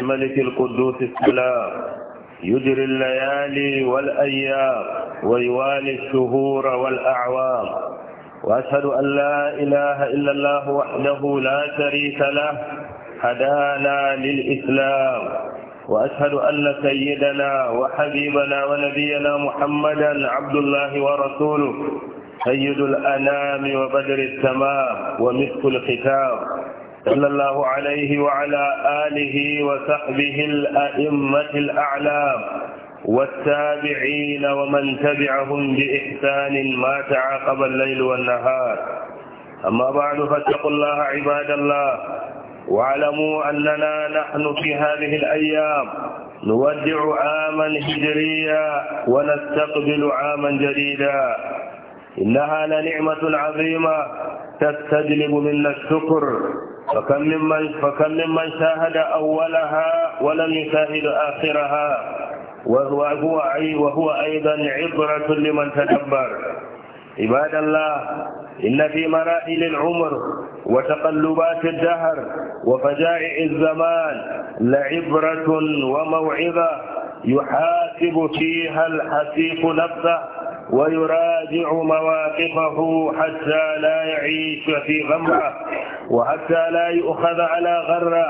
الملك القدوس السلام يجري الليالي والأيام ويوالي الشهور والأعوام وأشهد أن لا إله إلا الله وحده لا شريك له هدانا للإسلام وأشهد أن سيدنا وحبيبنا ونبينا محمدا عبد الله ورسوله سيد الأنام وبدر التمام ومسك الختام صلى الله عليه وعلى آله وصحبه الأئمة الأعلام والتابعين ومن تبعهم بإحسان ما تعاقب الليل والنهار أما بعد فاتقوا الله عباد الله واعلموا أننا نحن في هذه الأيام نودع عاما هجريا ونستقبل عاما جديدا إنها لنعمة عظيمة تستجلب منا الشكر فكم ممن, فكم ممن شاهد أولها ولم يشاهد آخرها وهو, وهو أيضا عبرة لمن تدبر عباد الله إن في مراحل العمر وتقلبات الدهر وفجائع الزمان لعبرة وموعظة يحاسب فيها الحسيق نفسه ويراجع مواقفه حتى لا يعيش في غمرة وحتى لا يؤخذ على غرة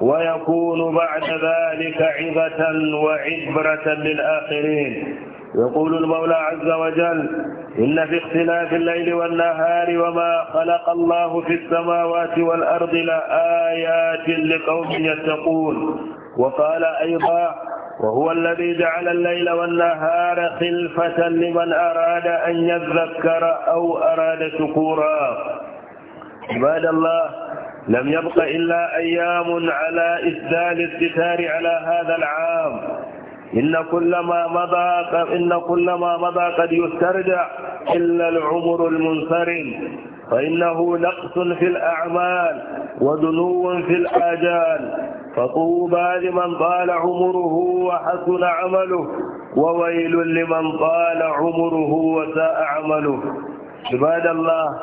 ويكون بعد ذلك عظة وعبرة للآخرين يقول المولى عز وجل إن في اختلاف الليل والنهار وما خلق الله في السماوات والأرض لآيات لقوم يتقون وقال أيضا وهو الذي جعل الليل والنهار خلفة لمن أراد أن يذكر أو أراد شكورا عباد الله لم يبق إلا أيام على إسدال الستار على هذا العام إن كل ما مضى إن كل ما مضى قد يسترجع إلا العمر المنصرم فإنه نقص في الأعمال ودنو في الآجال فطوبى لمن طال عمره وحسن عمله وويل لمن طال عمره وساء عمله عباد الله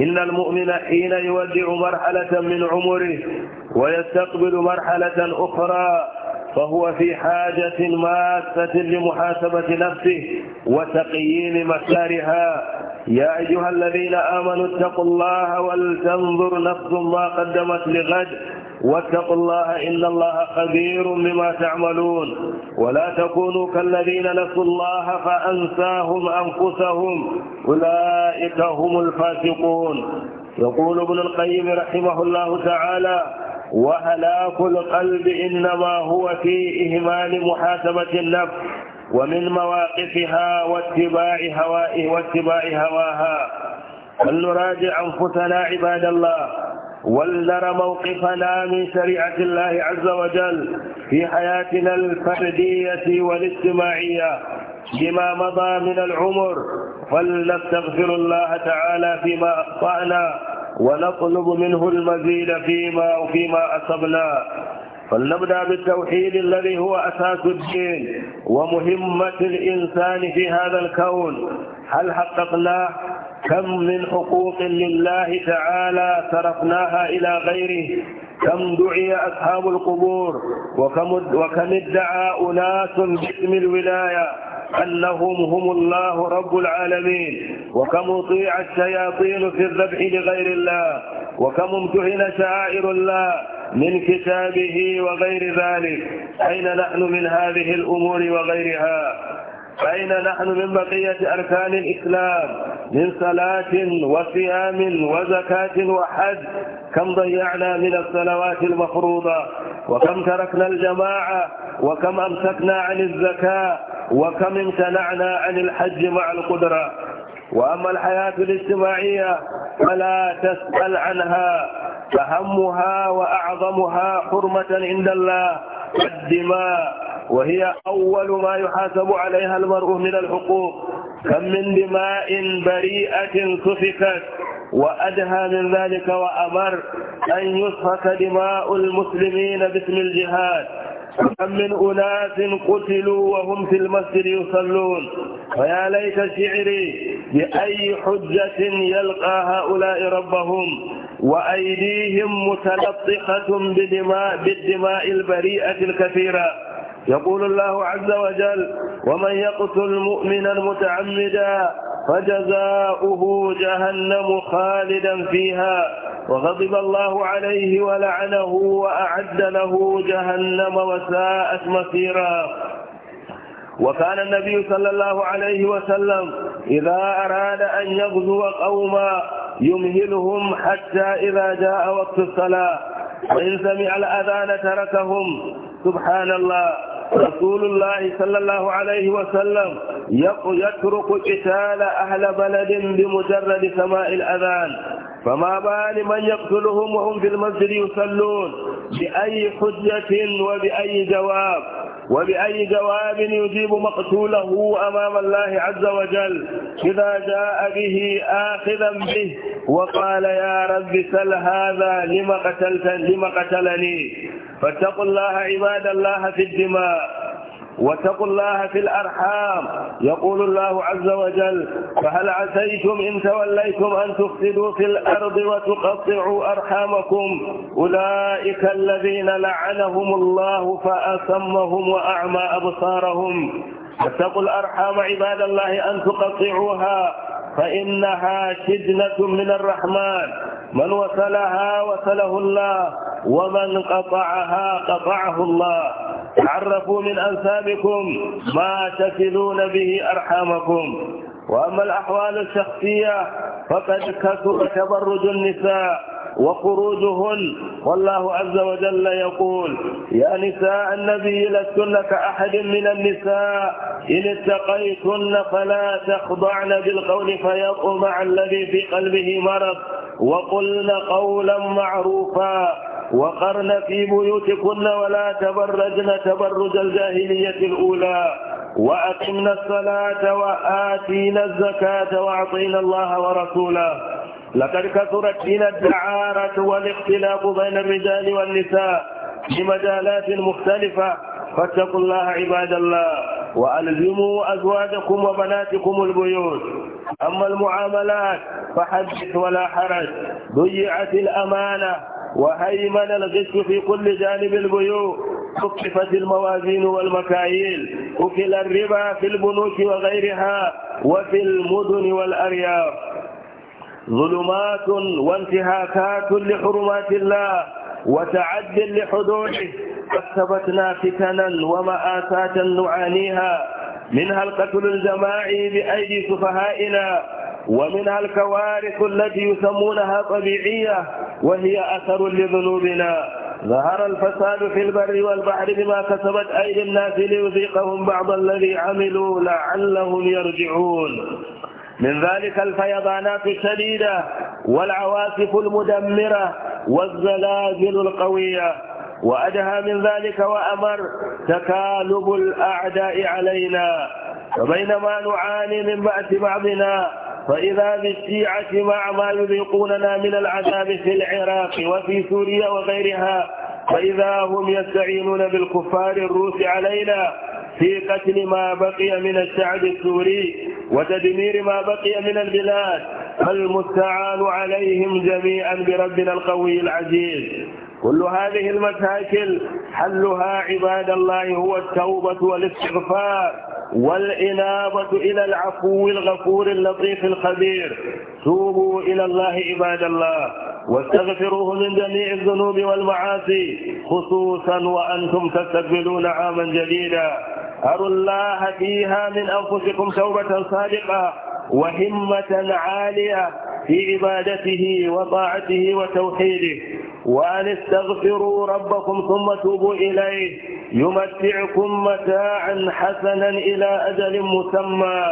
إن المؤمن حين يودع مرحلة من عمره ويستقبل مرحلة أخرى فهو في حاجة ماسة لمحاسبة نفسه وتقييم مسارها يا أيها الذين آمنوا اتقوا الله ولتنظر نفس ما قدمت لغد واتقوا الله إن الله خبير بما تعملون ولا تكونوا كالذين نسوا الله فأنساهم أنفسهم أولئك هم الفاسقون يقول ابن القيم رحمه الله تعالى وهلاك القلب إنما هو في إهمال محاسبة النفس ومن مواقفها واتباع هوائه واتباع هواها فلنراجع أنفسنا عباد الله ولنرى موقفنا من شريعة الله عز وجل في حياتنا الفردية والاجتماعية لما مضى من العمر فلنستغفر الله تعالى فيما أخطأنا ونطلب منه المزيد فيما فيما أصبنا فلنبدأ بالتوحيد الذي هو أساس الدين ومهمة الإنسان في هذا الكون هل حققناه كم من حقوق لله تعالى صرفناها إلى غيره كم دعي أصحاب القبور وكم, وكم ادعى أناس باسم الولاية أنهم هم الله رب العالمين وكم أطيع الشياطين في الذبح لغير الله وكم امتحن شعائر الله من كتابه وغير ذلك أين نحن من هذه الأمور وغيرها أين نحن من بقية أركان الإسلام من صلاة وصيام وزكاة وحج كم ضيعنا من الصلوات المفروضة وكم تركنا الجماعة وكم أمسكنا عن الزكاة وكم امتنعنا عن الحج مع القدرة وأما الحياة الاجتماعية فلا تسأل عنها فهمها وأعظمها حرمة عند الله الدماء وهي أول ما يحاسب عليها المرء من الحقوق كم من دماء بريئة سفكت وأدهى من ذلك وأمر أن يسفك دماء المسلمين باسم الجهاد كم من أناس قتلوا وهم في المسجد يصلون ويا ليت شعري بأي حجة يلقى هؤلاء ربهم وأيديهم متلطخة بدماء, بالدماء البريئة الكثيرة يقول الله عز وجل ومن يقتل مؤمنا متعمدا فجزاؤه جهنم خالدا فيها وغضب الله عليه ولعنه وأعد له جهنم وساءت مصيرا وكان النبي صلى الله عليه وسلم إذا أراد أن يغزو قوما يمهلهم حتى إذا جاء وقت الصلاة وإن سمع الأذان تركهم سبحان الله رسول الله صلى الله عليه وسلم يترك قتال أهل بلد بمجرد سماع الأذان فما بال من يقتلهم وهم في المسجد يصلون بأي حجة وبأي جواب وبأي جواب يجيب مقتوله أمام الله عز وجل إذا جاء به آخذا به وقال يا رب سل هذا لم قتلتني لم قتلني فاتقوا الله عباد الله في الدماء واتقوا الله في الأرحام يقول الله عز وجل فهل عسيتم إن توليتم أن تفسدوا في الأرض وتقطعوا أرحامكم أولئك الذين لعنهم الله فأسمهم وأعمى أبصارهم واتقوا الأرحام عباد الله أن تقطعوها فإنها شدنة من الرحمن من وصلها وصله الله ومن قطعها قطعه الله عرفوا من أنسابكم ما تكلون به أرحامكم وأما الأحوال الشخصية فقد كثر تبرج النساء وخروجهن والله عز وجل يقول يا نساء النبي لستن كأحد من النساء إن اتقيتن فلا تخضعن بالقول فيطمع الذي في قلبه مرض وقلن قولا معروفا وقرن في بيوتكن ولا تبرجن تبرج الجاهلية الأولى وأقمنا الصلاة وآتينا الزكاة وأعطينا الله ورسوله لقد كثرت من الدعارة والاختلاف بين الرجال والنساء في مجالات مختلفة فاتقوا الله عباد الله وألزموا أزواجكم وبناتكم البيوت أما المعاملات فحدث ولا حرج ضيعت الأمانة وهيمن الغش في كل جانب البيوت خففت الموازين والمكاييل أكل الربا في البنوك وغيرها وفي المدن والأرياف ظلمات وانتهاكات لحرمات الله وتعد لحدوده فاكتبتنا فتنا ومآساتا نعانيها منها القتل الجماعي بأيدي سفهائنا ومنها الكوارث التي يسمونها طبيعية وهي أثر لذنوبنا ظهر الفساد في البر والبحر بما كسبت أيدي الناس ليذيقهم بعض الذي عملوا لعلهم يرجعون من ذلك الفيضانات الشديدة والعواصف المدمرة والزلازل القوية وأدهى من ذلك وأمر تكالب الأعداء علينا فبينما نعاني من بأس بعضنا فإذا بالشيعة مع ما يذيقوننا من العذاب في العراق وفي سوريا وغيرها فإذا هم يستعينون بالكفار الروس علينا في قتل ما بقي من الشعب السوري وتدمير ما بقي من البلاد المستعان عليهم جميعا بربنا القوي العزيز كل هذه المشاكل حلها عباد الله هو التوبة والاستغفار والإنابة إلى العفو الغفور اللطيف الخبير توبوا إلى الله عباد الله واستغفروه من جميع الذنوب والمعاصي خصوصا وأنتم تستقبلون عاما جديدا أروا الله فيها من أنفسكم توبة صادقة وهمة عالية في عبادته وطاعته وتوحيده وأن استغفروا ربكم ثم توبوا إليه يمتعكم متاعا حسنا إلى أجل مسمى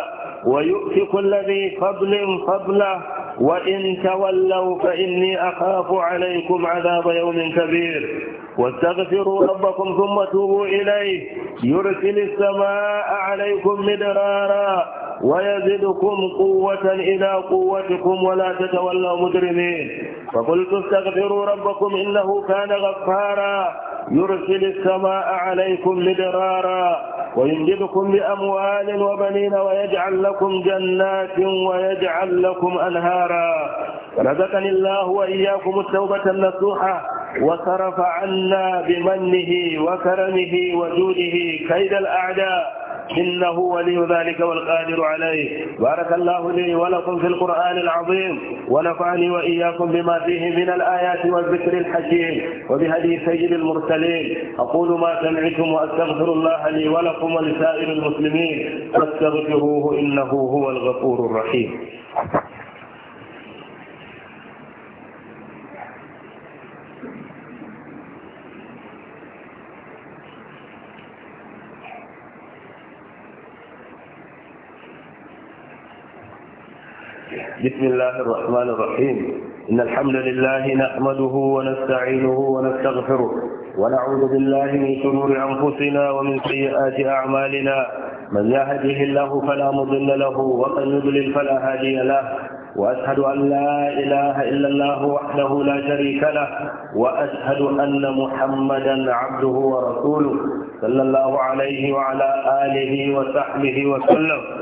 ويؤتي كل ذي فضل فضله وإن تولوا فإني أخاف عليكم عذاب يوم كبير واستغفروا ربكم ثم توبوا إليه يرسل السماء عليكم مدرارا ويزدكم قوة إلى قوتكم ولا تتولوا مجرمين فقلت استغفروا ربكم إنه كان غفارا يرسل السماء عليكم مدرارا ويمددكم بأموال وبنين ويجعل لكم جنات ويجعل لكم أنهارا رزقني الله وإياكم التوبة النصوحة وصرف عنا بمنه وكرمه وجوده كيد الأعداء إنه ولي ذلك والقادر عليه بارك الله لي ولكم في القرآن العظيم ونفعني وإياكم بما فيه من الآيات والذكر الحكيم وبهدي سيد المرسلين أقول ما سمعتم وأستغفر الله لي ولكم ولسائر المسلمين فاستغفروه إنه هو الغفور الرحيم بسم الله الرحمن الرحيم إن الحمد لله نحمده ونستعينه ونستغفره ونعوذ بالله من شرور أنفسنا ومن سيئات أعمالنا من يهده الله فلا مضل له ومن يضلل فلا هادي له وأشهد أن لا إله إلا الله وحده لا شريك له وأشهد أن محمدا عبده ورسوله صلى الله عليه وعلى آله وصحبه وسلم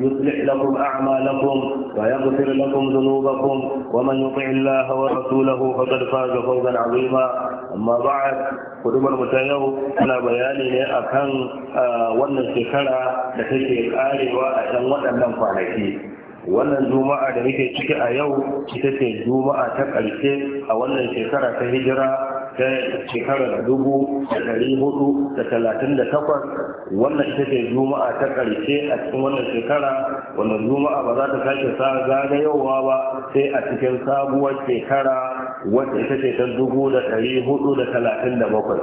يصلح لكم أعمالكم ويغفر لكم ذنوبكم ومن يطع الله ورسوله فقد فاز فوزا عظيما أما بعد قدوم متيو أنا بياني أكن wannan shekara da الآلي karewa a ɗan wannan juma'a da muke ciki a yau ita ce juma'a ta ƙarshe a wannan shekara ta hijira ta shekarar dubu da ɗari hudu da talatin da takwas wannan ita ce juma'a ta ƙarshe a cikin wannan shekara wannan juma'a ba za ta sake sa zagayowa ba sai a cikin sabuwar shekara wacce ita ce ta dubu da ɗari hudu da talatin da bakwai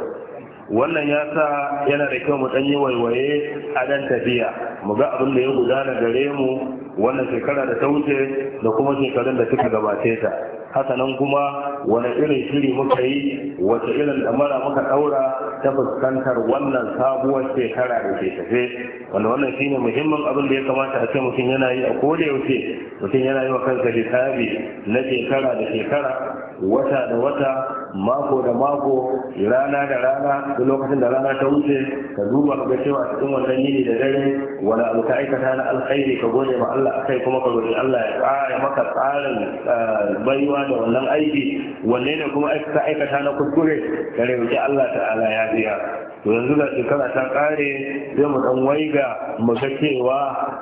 wannan ya sa yana da kyau mu ɗan yi waiwaye a ɗan tafiya mu ga abin da ya gudana gare mu wannan shekara da ta wuce da kuma shekarun da suka gabace ta haka nan kuma wani irin shiri muka yi wace irin damara muka ɗaura ta fuskantar wannan sabuwar shekara da ke tafe wanda wannan shine muhimmin abin da ya kamata a ce mutum yana yi a koda yaushe mutum yana yi wa kansa hisabi na shekara da shekara wata da wata mako da mako rana da rana duk lokacin da rana ta wuce ka duba ka ga cewa cikin wannan yini da dare wani abu ka aikata na alkhairi ka gode ma Allah akai kuma ka Allah ya maka tsarin eh, baiwa da wannan aiki wanne ne kuma ka aikata na kuskure ka roki Allah ta'ala ya biya yanzu ga shekara ta kare sai mu dan waiga mu ga cewa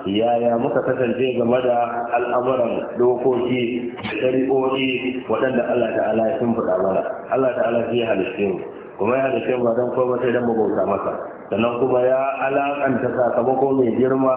yaya muka kasance game da al'amuran dokoki da shari'o'i waɗanda Allah ta'ala ya sun faɗa mana Allah ta'ala ya halitta mu kuma ya halitta ba don koma sai don mabauta masa sannan kuma ya alakanta sakamako mai girma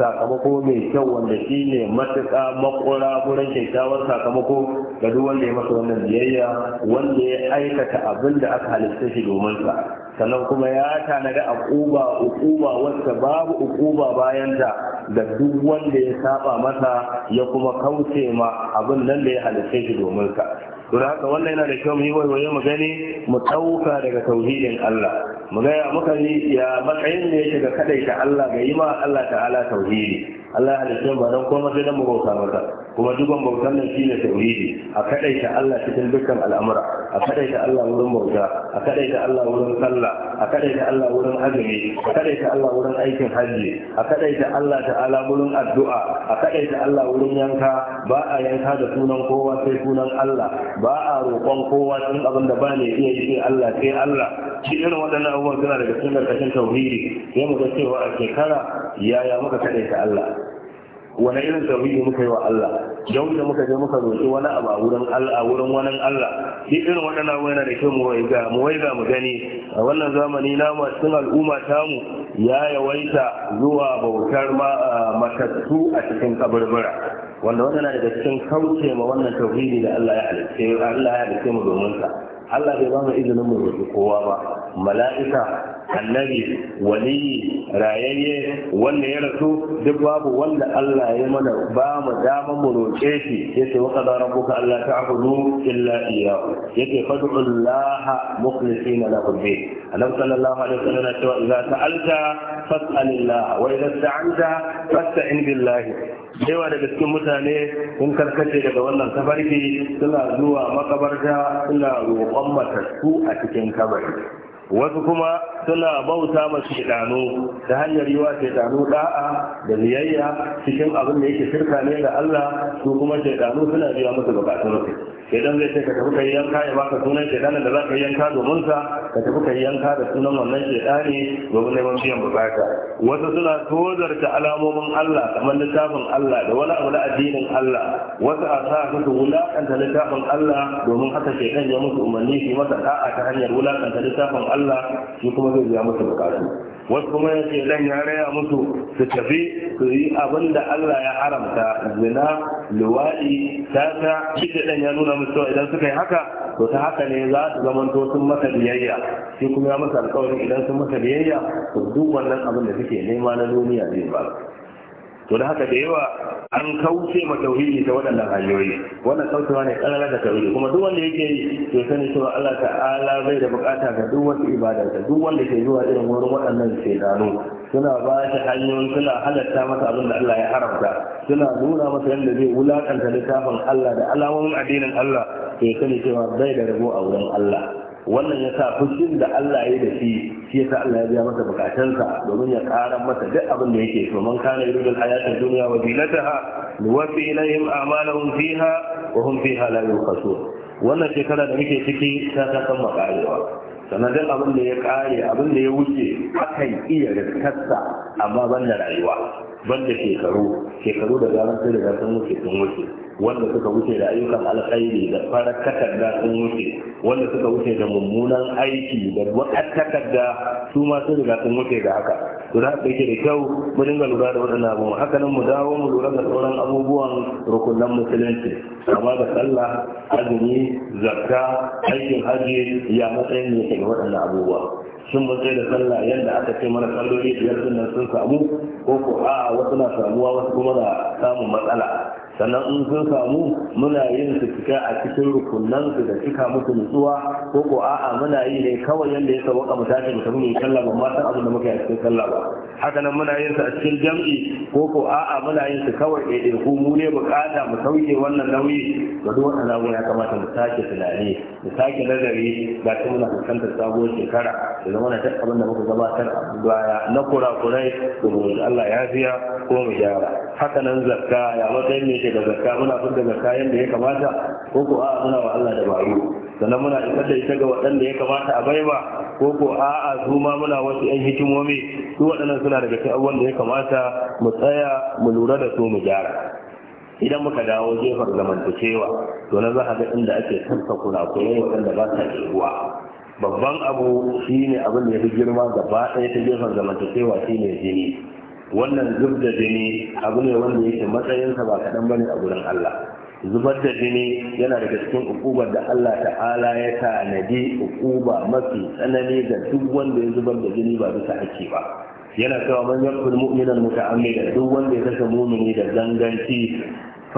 sakamako mai kyau wanda shi ne matuƙa makura wurin kyakkyawar sakamako ga duk wanda ya masa wannan biyayya wanda ya aikata abin da aka halitta shi domin sa sannan kuma ya tanada ƙuba ukuba wacce babu ukuba bayan ta da duk wanda ya saba masa ya kuma kauce ma abin nan da ya halitta shi domin ka don haka wannan yana da kyau mu yi waiwaye mu gani mu ɗauka daga tauhidin Allah mu gaya muka yi ya matsayin da yake ga kadaita Allah ga yi ma Allah ta'ala tauhidi Allah ya halitta ba don kuma sai dan mu bauta masa kuma duban bautan nan shine tauhidi a kadaita Allah cikin dukkan al'amura a kadaita Allah wurin bauta a kadaita Allah wurin sallah a kadaita Allah wurin azumi a kadaita Allah wurin aikin hajji a kadaita Allah ta'ala wurin addu'a a kadaita Allah wurin yanka ba a yanka da sunan kowa sai sunan Allah ba a roƙon kowa cikin abin da ba ne iya yi Allah sai Allah shi irin waɗannan abubuwan suna daga cikin karkashin tauhidi sai mu ga cewa a shekara yaya muka kadaita Allah wani irin tauhidi muka yi wa Allah don da muka je muka roƙi wani abu a wurin Allah wurin wani Allah duk irin waɗannan yana da kyau mu waiga mu waiga mu gani a wannan zamani na a al'umma ta mu ya yawaita zuwa bautar matattu a cikin kaburbura wanda wannan na daga cikin kauce ma wannan tauhidi da Allah ya halicce Allah ya mu domin sa Allah bai ba mu izinin mu roƙi kowa ba mala'ika annabi waliyi rayayye wanda ya rasu duk babu wanda Allah ya mana ba mu dama mu roƙe shi yace wa qadara rabbuka alla ta'budu illa iyyahu yake fad'u Allah mukhlisina lahu din annabi sallallahu alaihi wasallam yana cewa idza sa'alta fas'alillah wa idza sta'anta fasta'in billahi yawa daga cikin mutane sun karkace daga wannan tafarki suna zuwa makabarta suna roƙon matattu a cikin kabari wasu kuma suna bauta ma shaidanu ta hanyar yi wa shaidanu da'a da biyayya cikin abin da yake shirka ne da Allah su kuma shaidanu suna biya musu bukatunsu Idan zai ce ka tafi kai yanka ya baka sunan shedan da za ka yanka domin sa ka tafi kai yanka da sunan wannan ne, domin neman biyan bukata wasu suna tozarta alamomin Allah kamar littafin Allah da wani abu na addinin Allah wasu a sa su wulakanta littafin Allah domin haka ke dan ya musu umarni shi masa da'a ta hanyar wulakanta littafin Allah shi kuma zai biya musu bukatu wasu kuma ya ce dan ya raya musu su tafi su yi abin da Allah ya haramta zina luwaɗi tata shi da dan ya nuna musu cewa idan suka yi haka to ta haka ne za su zamanto sun masa biyayya shi kuma ya masa alƙawarin idan sun masa biyayya to duk wannan abin da suke nema na duniya zai ba to da haka da yawa an kauce ma tauhidi ta waɗannan hanyoyi wannan kaucewa ne ƙarara da tauhidi kuma duk wanda yake yi to sani cewa Allah ta'ala zai da bukata ga duk wasu ibada duk wanda ke zuwa irin wurin waɗannan shedanu suna ba shi hanyoyi, suna halatta masa abin da Allah ya haramta suna nuna masa yadda zai wulakanta littafin Allah da alamomin addinin Allah to sani cewa bai da rabo a wurin Allah wannan ya sa fushin da Allah ya da shi shi yasa Allah ya biya masa bukatunsa domin ya ƙara masa duk abin da yake to man kana yuridu al-hayata dunya wa zinataha nuwaffi ilayhim a'malahum fiha wa hum fiha la yunqasun wannan shekara da muke ciki ta ta kan makarewa sannan duk abin da ya kare abin da ya wuce akan iya riskarsa amma ban da rayuwa ban da shekaru shekaru da zaran sai da sun wuce sun wuce wanda suka wuce da ayyukan alkhairi da farar takarda sun wuce wanda suka wuce da mummunan aiki da wakar takarda su ma riga sun wuce da haka to da haka yake da kyau mu dinga lura da waɗannan abubuwan haka nan mu dawo mu lura da sauran abubuwan rukunan musulunci amma da sallah azumi zakka aikin hajji ya matsayin ne ga waɗannan abubuwa sun matsayi da sallah yadda aka ce mana salloli biyar sun nan sun samu ko ko a wasu na samuwa wasu kuma na samun matsala sannan in sun samu muna yin su cika a cikin rukunan su da cika musu nutsuwa ko ko a'a muna yi ne kawai yanda ya sauka mu tashi mu tafi mu ba ma san abin da muka yi a cikin ba haka muna yin su a cikin jam'i ko ko a'a muna yin su kawai ɗaiɗai ku mu ne bukata mu sauke wannan nauyi ga duk wannan abu ya kamata mu sake tunani mu sake nazari ga ta muna fuskantar sabuwar shekara da zama na duk abin da muka gabatar a baya na kura-kurai, kura-kurai da Allah ya fiya ko mu gyara haka nan zakka ya matsayin ne yake da zakka muna fitar da zakka yadda ya kamata ko ko a'a muna wa Allah da ba'u? sannan muna isar da ita ga waɗanda ya kamata a baiwa ko ko a'a su ma muna wasu yan hikimomi su waɗannan suna daga cikin abubuwan da ya kamata mu tsaya mu lura da su mu gyara idan muka dawo jefar zamantakewa to na za ga inda ake tafka kurakurai waɗanda ba sa yiwuwa babban abu shine abin da ya fi girma gaba ɗaya ta jefar zamantakewa shine jini wannan zub da jini abu ne wanda yake matsayinsa ba kaɗan ba ne a gurin Allah zubar da jini yana daga cikin ukubar da Allah ta'ala ya tanadi uƙuba mafi tsanani ga duk wanda ya zubar da jini ba bisa haƙƙi ba yana cewa man yakul mu'minan muta'ammidan duk wanda ya kashe mu'mini da zanganci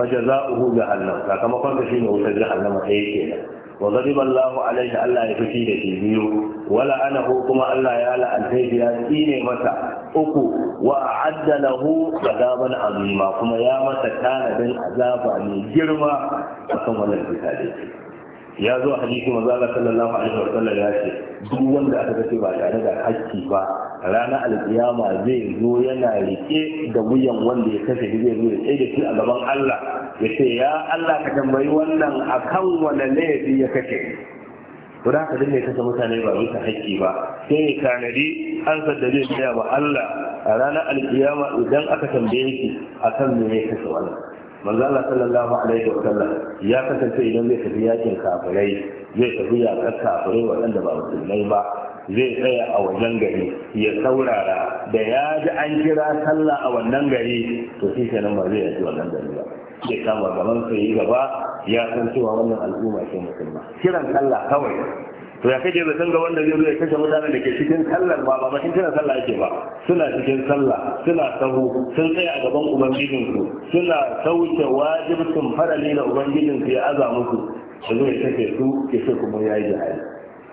fajaza'uhu jahannam sakamakon da shine wutar jahannama ɗaya kenan Allah ya fi ألا da في biyu. Wala أنه kuma Allah ya أنتي بيان إيني مسا uku wa a'adda lahu azaban azima kuma ya masa tanadin azaba mai girma akan wannan fitare ya zo hadisi manzo Allah sallallahu alaihi sallam ya ce duk wanda aka kace ba tare da hakki ba ranar alkiyama zai zo yana rike da wuyan wanda ya kashe zai zo ya da shi a gaban Allah ya ce ya Allah ka tambayi wannan akan wani laifi ya kashe to da ka duk mai kashe mutane ba bisa haƙƙi ba sai ya an san da zai biya wa Allah a ranar alkiyama idan aka tambaye shi akan me ne kashe wannan manzo Allah sallallahu alaihi wa sallam ya kasance idan zai tafi yakin kafirai zai tafi yakan kafirai waɗanda ba musulmai ba zai tsaya a wannan gari ya saurara da ya ji an kira sallah a wannan gari to shi kenan ba zai yaji wannan gari ba ke kama gaban sai yi gaba ya san cewa wannan al'umma ce musulma kiran sallah kawai to ya kaje zaton ga wanda zai zo ya kashe mutanen da ke cikin sallar ba ba cikin kiran sallah yake ba suna cikin sallah suna sahu sun tsaya a gaban ubangijin su suna sauke wajibcin farali na ubangijin su ya aza musu da zai kashe su ke sai kuma ya yi jihari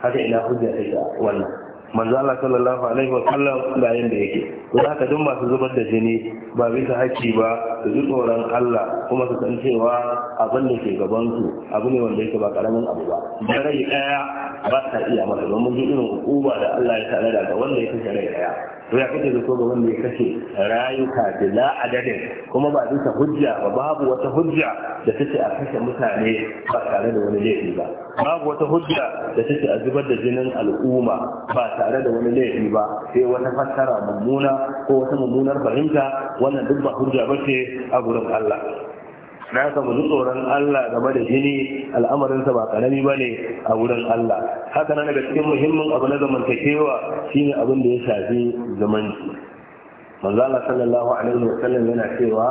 haka ina hujja take wannan manzo Allah sallallahu alaihi wa sallam ga yanda yake to haka duk masu zubar da jini ba bisa haƙƙi ba su ji tsoron Allah kuma su san cewa abin da ke gaban su abu ne wanda yake ba karamin abu ba da rai daya ba ta iya masa don mun ji irin hukuma da Allah ya tare da wanda ya kashe rai daya to ya kake da so ga wanda ya kashe rayuka la adadin kuma ba bisa hujja ba babu wata hujja da take a kashe mutane ba tare da wani laifi ba babu wata hujja da take a zubar da jinin al'umma ba tare da wani laifi ba sai wata fassara mummuna ko wata mummunar fahimta wannan duk ba hujja ba ce a gurin Allah na haka mu tsoron Allah game da jini al'amarinsa ba karami ba ne a wurin Allah haka na daga cikin muhimmin abu na zamantakewa shine abin da ya shafi zamanci manzo Allah sallallahu alaihi sallam yana cewa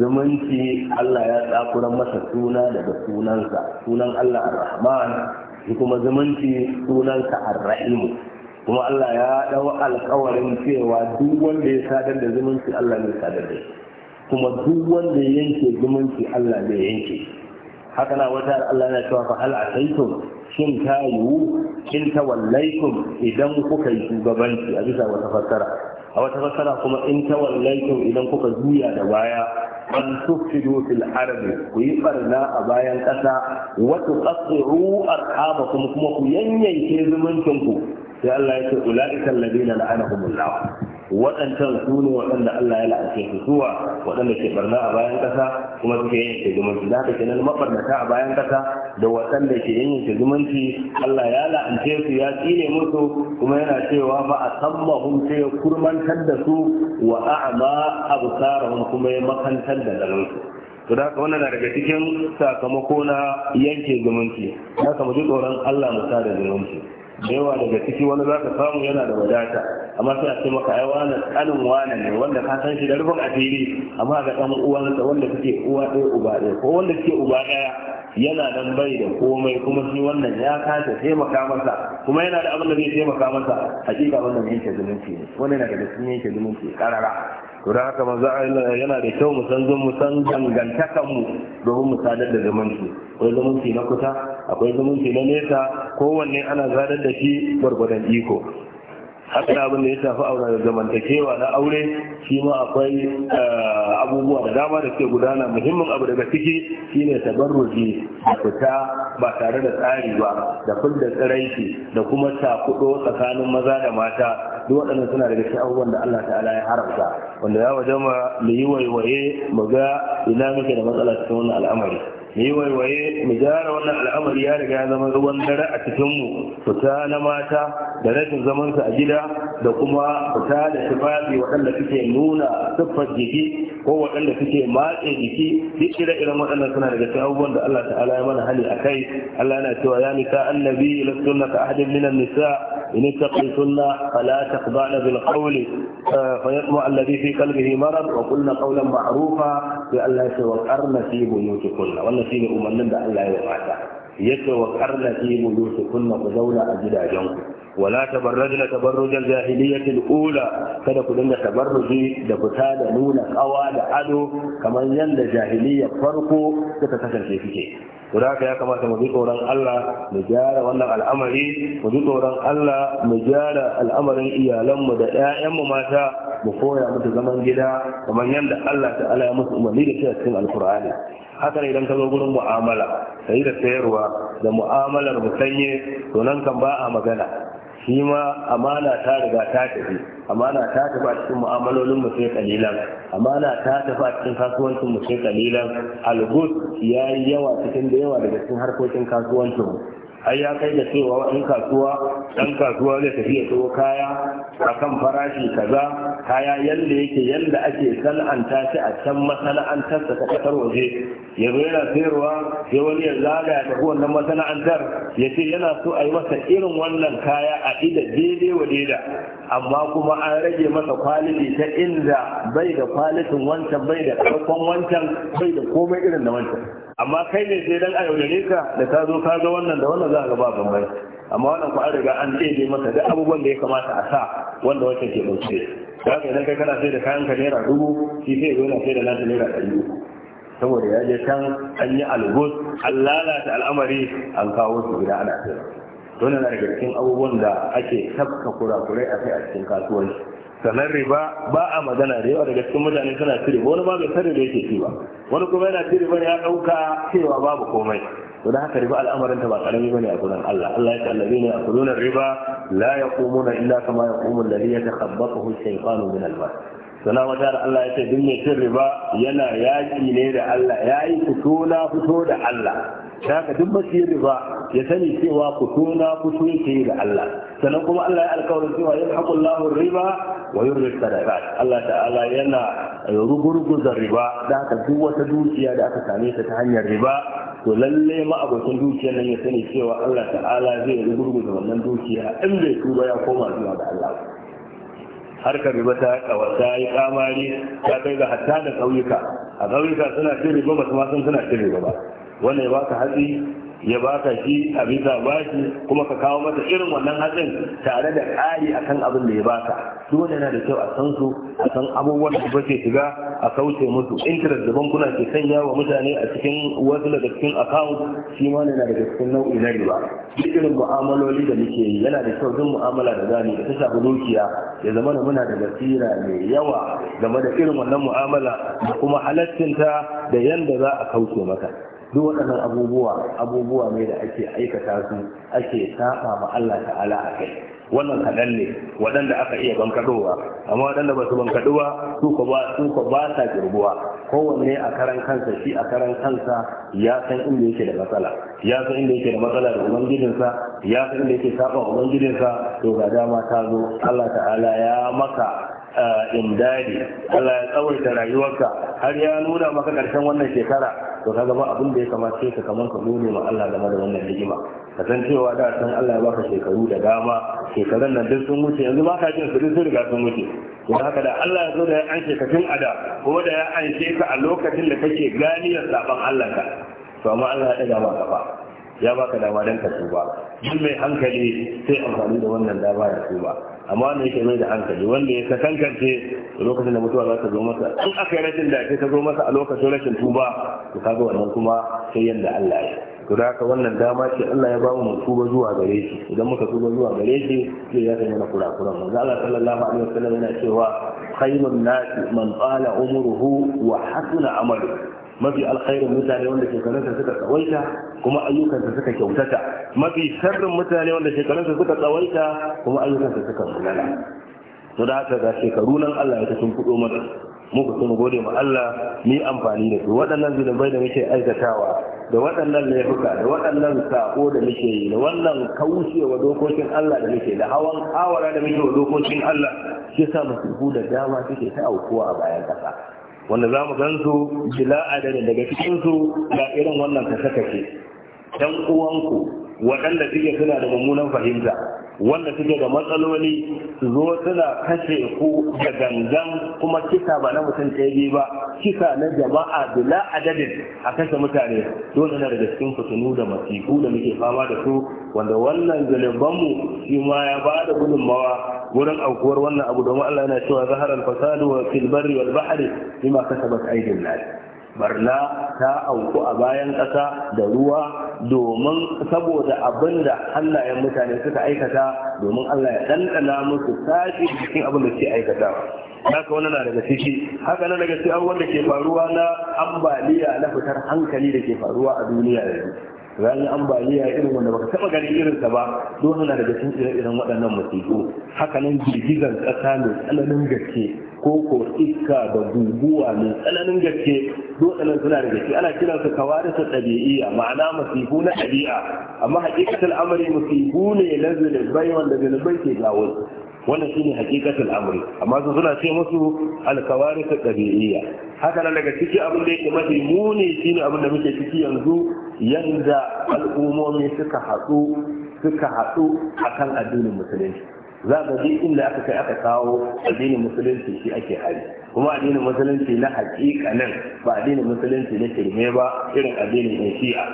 zumunci Allah ya tsakura masa suna daga sunansa sunan Allah ar-Rahman kuma zumunci sunansa ar-Rahim kuma Allah ya dau alƙawarin cewa duk wanda ya sadar da zumunci Allah ne sadar da kuma duk wanda ya yanke zumunci Allah ne yanke haka na wata Allah na cewa fa hal asaitum shin ta yiwu in idan kuka yi shugabanci a bisa wata fassara a wata fassara kuma in tawallaitum idan kuka juya da baya an tufsidu fil ardi ku yi barna a bayan ƙasa wa tuqatti'u arhamakum kuma ku yanyanke zumuncin ku sai Allah ya ce ula'ika alladina la'anahumullah waɗancan su ne waɗanda Allah ya la'ance su zuwa waɗanda ke barna a bayan ƙasa kuma suke yin ke zumunci da haka kenan mabarnata a bayan ƙasa da waɗanda ke yin ke zumunci Allah ya la'ance su ya tsine musu kuma yana cewa ba a sammahum sai ya kurmantar da su wa a'ma absarahum kuma ya makantar da galansu to da haka wannan na daga cikin sakamako na yanke zumunci haka mu ji tsoron Allah mu da zumunci da yawa daga ciki wani za ka samu yana da wadata amma sai a ce maka ai wani kanin wani ne wanda ka san shi da rufin asiri amma ga dan uwansa wanda kake uwa ɗaya uba ɗaya ko wanda kake uba ɗaya yana nan bai da komai kuma shi wannan ya kace taimaka masa kuma yana da abin da zai taimaka masa hakika wannan yake zumunci ne Wani na daga cikin yake zumunci karara to da haka manzo Allah yana da kyau mu san mu san dangantakan mu domin mu sadar da zumunci akwai zumunci na kusa akwai zumunci na nesa kowanne ana zarar da shi gwargwadon iko haka abin da ya shafi aure da zamantakewa na aure shi ma akwai eh, abubuwa da dama da ke gudana muhimmin abu daga ciki shine tabarruji da fita ba tare da tsari ba da fidda tsiraiki da kuma takudo tsakanin maza da mata duk waɗannan suna daga cikin abubuwan da Allah ta'ala ya haramta wanda ya waje mu yi waiwaye mu ga ina muke da matsala cikin wannan al'amari Ni waiwaye mu gyara wannan al'amari ya riga ya zama ruwan dare a cikinmu fita na mata da rashin zamansa a gida da kuma fita da tufafi waɗanda suke nuna siffar jiki ko waɗanda suke matse jiki duk ire-iren waɗannan suna daga cikin abubuwan da Allah ta'ala ya mana hali a kai Allah yana cewa ya nisa annabi lasunna ka ahadin minan nisa إن اتقيتن فلا تخضعن بالقول فيطمع الذي في قلبه مرض وقلن قولا معروفا بأن لا يتوكرن في بيوتكن والتي أمنن بأن لا يوعدن يتوكرن في بيوتكن وزولا أجدا جنكم ولا تبرجن تبرج الجاهلية الأولى kada ku dinga tabarruji da fita da nuna kawa da ado kamar yadda jahiliya farko suka kasance suke to da ya kamata mu bi tsoron Allah mu gyara wannan al'amari mu bi tsoron Allah mu gyara al'amarin iyalanmu da 'ya'yanmu mata mu koya musu zaman gida kamar yadda Allah ta'ala ya musu umarni da cewa cikin alkur'ani haka idan ka zo gurin mu'amala sai da sayarwa da mu'amalar musanye to nan kan ba a magana shi ma amana ta riga ta tafi amana ta tafi a cikin mu'amalolin mu sai kalilan amana ta tafi a cikin kasuwancin mu sai kalilan algus yayi yawa cikin da yawa daga cikin harkokin kasuwancin mu har ya kai da cewa in kasuwa dan kasuwa zai tafi ya kawo kaya akan farashi kaza kaya yanda yake yanda ake san'anta shi a can masana'antar ta kasar waje ya zo yana sayarwa sai wani ya zaga ya tafi wannan masana'antar ya ce yana so a yi masa irin wannan kaya a ida daidai wa daida amma kuma an rage masa kwaliti ta inda bai da kwalitin wancan bai da karfan wancan bai da komai irin da wancan amma kai ne sai dan a yaudare ka da ka zo ka ga wannan da wannan za ka ba bambai amma wannan ku an riga an ɗebe masa duk abubuwan da ya kamata a sa wanda wacce ke ɗauke da ga idan kai kana sai da kayan ka naira dubu shi sai zo yana sai da nasa naira ɗari uku saboda ya je can an yi algus an lalata al'amari an kawo su gida ana sai wannan na daga cikin abubuwan da ake tafka kurakurai a kai a cikin kasuwanci sannan riba ba a magana da yawa daga cikin mutane suna ci riba wani ba bai sani da yake ci ba wani kuma yana ci riba ya ɗauka cewa babu komai to da haka riba al'amarin ta ba karami bane a gurin Allah Allah ya kallabe ne a gurin riba la yaqumuna illa kama yaqumu alladhi yatakhabbathu shaytanu min al-mas sana wata da Allah ya ce duk mai cin riba yana yaƙi ne da Allah yayi fito na fito da Allah da haka duk masu riba ya sani cewa kutuna na fito da Allah sannan kuma Allah ya alkawarin cewa ya haƙu lahun riba wa yin rikta da Allah ta'ala yana rugurguzar riba da haka duk wata dukiya da aka same ta ta hanyar riba to lalle ma'abokin dukiyar nan ya sani cewa Allah ta'ala zai rugurguza wannan dukiya in bai tuba ya koma zuwa da Allah harkar riba ta kawata yi kamari ta kai ga hatta da ƙauyuka a ƙauyuka suna cin riba ba su ma sun suna cin riba ba wanda ya baka hatsi ya baka shi a bisa bashi kuma ka kawo mata irin wannan hatsin tare da ƙari akan abin da ya baka duk wanda yana da kyau a san su a san abubuwan da ba ke shiga a kauce musu interest da bankuna ke sanya wa mutane a cikin wasu daga cikin account shi ma yana daga cikin nau'i na riba duk irin mu'amaloli da muke yi yana da kyau duk mu'amala da zamu da ta shafi dukiya ya zama da muna da basira mai yawa game da irin wannan mu'amala da kuma halaccinta da yanda za a kauce maka. duk waɗannan abubuwa abubuwa ne da ake aikata su ake saba ma Allah ta'ala a kai wannan kaɗan ne waɗanda aka iya bankaɗowa amma waɗanda ba su bankaɗowa su ko ba su ko ba sa girbuwa kowanne a karan kansa shi a karan kansa ya san inda yake da matsala ya san inda yake da matsala da ubangijinsa ya san inda yake saba ubangijinsa to ga dama ta zo Allah ta'ala ya maka eh, indadi Allah ya tsawaita rayuwarka har ya nuna maka ƙarshen wannan shekara to ka ba abin da ya kamata sai ka kaman ka gode ma Allah game da wannan ni'ima ka san cewa da san Allah ya baka shekaru da dama shekaran nan duk sun wuce yanzu ba ka jin su duk sun riga sun wuce to haka da Allah ya zo da ya an a ada ko da ya an ka a lokacin da kake ganiyar sabon Allah ka to amma Allah ya daga ma gaba ya baka dama dan ka tuba duk mai hankali sai amfani da wannan dama ya tuba amma wanda yake mai da hankali wanda ya kankance lokacin da mutuwa za ta zo masa in aka yi rashin da ta zo masa a lokacin rashin tuba to kaga wannan kuma sai yanda Allah ya to da haka wannan dama ce Allah ya bamu mu tuba zuwa gare shi idan muka tuba zuwa gare shi zai ya mana kurakuran mu Allah sallallahu alaihi wasallam yana cewa khairun nasi man qala umruhu wa hasuna amaluhu mafi alkhairin mutane wanda shekarunsa suka tsawaita kuma ayyukansa suka kyautata mafi sarrin mutane wanda shekarunsa suka tsawaita kuma ayyukansa suka mulala to da haka ga shekaru nan Allah ya ta sun fito mana mu ku sun gode ma Allah ni amfani da su waɗannan bai da muke aikatawa da waɗannan laifuka da waɗannan sako da muke yi da wannan kaushewa dokokin Allah da muke da hawan awara da muke wa dokokin Allah shi yasa musulhu da dama suke ta aukuwa a bayan ƙasa wanda za mu gan su jila'a da daga cikinsu, su ga irin wannan kasakace ɗan uwanku waɗanda suke suna da mummunan fahimta wanda suke da matsaloli su zo suna kashe ku da gangan kuma kisa ba na mutum ɗaya ba kisa na jama'a bila adadin a kashe mutane dole na daga cikin fitinu da masifu da muke fama da su wanda wannan zalibanmu shi ma ya ba da gudunmawa wurin aukuwar wannan abu domin Allah yana cewa zahar al-fasadu wa fil barri wal bahri bima kasabat aydin nas barna ta auku a bayan ƙasa da ruwa domin saboda abin da hannayen mutane suka aikata domin Allah ya ɗanɗana musu sashi cikin abin da aikata aikatawa haka wani na daga ciki haka na daga cikin abubuwan da ke faruwa na ambaliya na fitar hankali da ke faruwa a duniya yanzu ranar ambaliya irin wanda baka taba ganin irin ta ba dole na daga cikin irin irin waɗannan musibu haka nan girgizar ƙasa mai tsananin gaske ko ko iska da guguwa mai tsananin gaske dole suna da gaske. ana kiran su kawarisa ɗabi'iyya ma'ana musibu na ɗabi'a amma hakikatar amari musibu ne na zunubai wanda zunubai ke jawo wannan shine hakikatul amri amma su suna ce musu alkawarisa ɗabi'iyya haka nan daga ciki abin da yake mafi muni shine abin da muke ciki yanzu yanda al'ummomi suka haɗu suka haɗu akan addinin musulunci za ga duk inda aka kai aka kawo addinin musulunci shi ake hari kuma addinin musulunci na hakika nan ba addinin musulunci na kirme ba irin addinin yan shi'a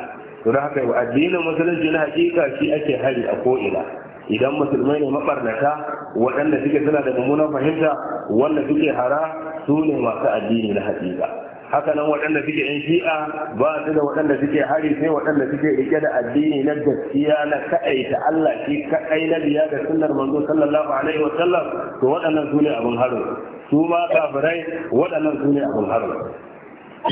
to da haka addinin musulunci na hakika shi ake hari a ko'ina idan musulmai ne maɓarnata, waɗanda suke suna da mummunan fahimta wanda suke hara su ne masu addini na hakika haka nan waɗanda suke yan shi'a ba su da waɗanda suke hari sai waɗanda suke rike da addini na gaskiya na kaɗaita Allah shi kaɗai na biya da sunnar manzo sallallahu alaihi wa sallam to waɗannan su ne abin harin su ma kafirai waɗannan su ne abin harin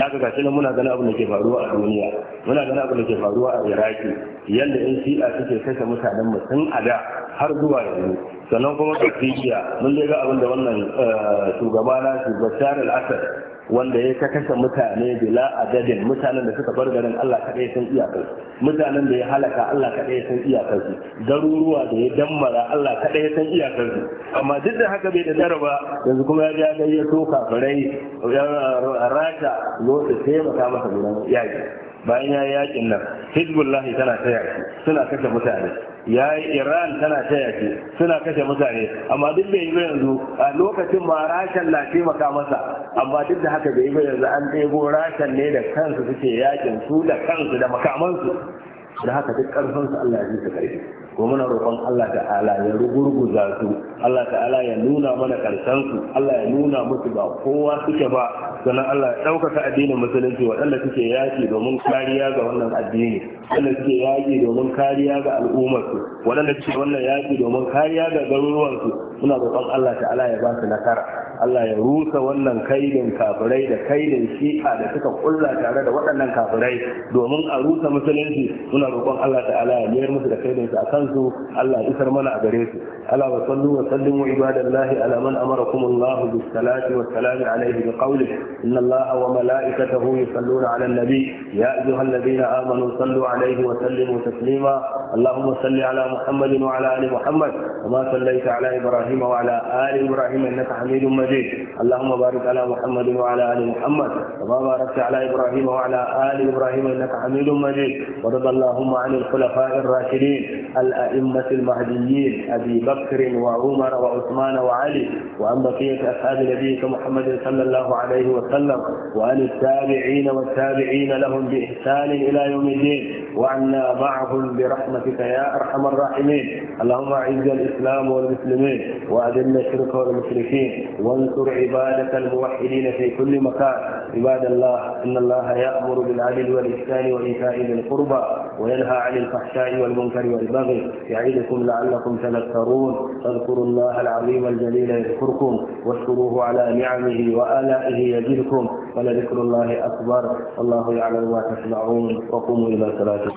kaga gashi nan muna ganin abin da ke faruwa a duniya muna ganin abin da ke faruwa a iraki yadda yan shi'a suke kashe mutanen mu tun a da har zuwa yanzu sannan kuma ga mun dai ga abin da wannan eh, shugaba na shugaba al-Assad wanda ya ta kashe mutane bila adadin mutanen da suka bar garin Allah kaɗai sun iyakar mutanen da ya halaka Allah kaɗai sun iyakar su garuruwa da ya dammara Allah kaɗai sun iyakar su amma duk da haka bai da daraba yanzu kuma ya ga ya so kafirai rasha zo su taimaka masa gudan yaƙi bayan ya yi yakin nan hezbollah tana ta suna kashe mutane ya yi iran tana ta shi suna kashe mutane amma duk da yi yanzu a lokacin ma rashan na taimaka masa amma duk da haka da yi ba yanzu an ɗebo rashan ne da kansu suke yakin su da kansu da makamansu da haka duk ƙarfinsu allah ya ji su ƙarfi ko muna roƙon Allah ta'ala ya rugurguza su Allah ta'ala ya nuna mana ƙarshen Allah ya nuna musu ba kowa suke ba sannan Allah ya ɗaukaka addinin musulunci waɗanda suke yaƙi domin kariya ga wannan addini waɗanda suke yaƙi domin kariya ga su, waɗanda suke wannan yaƙi domin kariya ga garuruwan su, suna roƙon Allah ta'ala ya ba su nasara Allah ya rusa wannan kaidin kafirai da kaidin shi'a da suka kulla tare da waɗannan kafirai domin a rusa musulunci muna roƙon Allah ta'ala ya mayar musu da kaidin su a su, Allah ya isar mana a gare su Allah Wa sallu ألا وصلوا وسلموا عباد الله على من أمركم الله بالصلاة والسلام عليه بقوله إن الله وملائكته يصلون على النبي يا أيها الذين آمنوا صلوا عليه وسلموا تسليما اللهم صل على محمد وعلى آل محمد وما صليت على إبراهيم وعلى آل إبراهيم إنك حميد مجيد اللهم بارك على محمد وعلى آل محمد وما باركت على إبراهيم وعلى آل إبراهيم إنك حميد مجيد ورضى اللهم عن الخلفاء الراشدين الأئمة المهديين أبي بكر وعمر وعثمان وعلي وعن بقية أصحاب نبيك محمد صلى الله عليه وسلم وعن التابعين والتابعين لهم بإحسان إلى يوم الدين وعنا معهم برحمتك يا أرحم الراحمين اللهم أعز الإسلام والمسلمين وأذل الشرك والمشركين وانصر عبادك الموحدين في كل مكان عباد الله إن الله يأمر بالعدل والإحسان وإيتاء ذي القربى وينهى عن الفحشاء والمنكر والبغي يعظكم لعلكم تذكرون فاذكروا الله العظيم الجليل يذكركم واشكروه على نعمه وآلائه يجدكم ولذكر الله أكبر الله يعلم ما تسمعون وقوموا إلى صلاتكم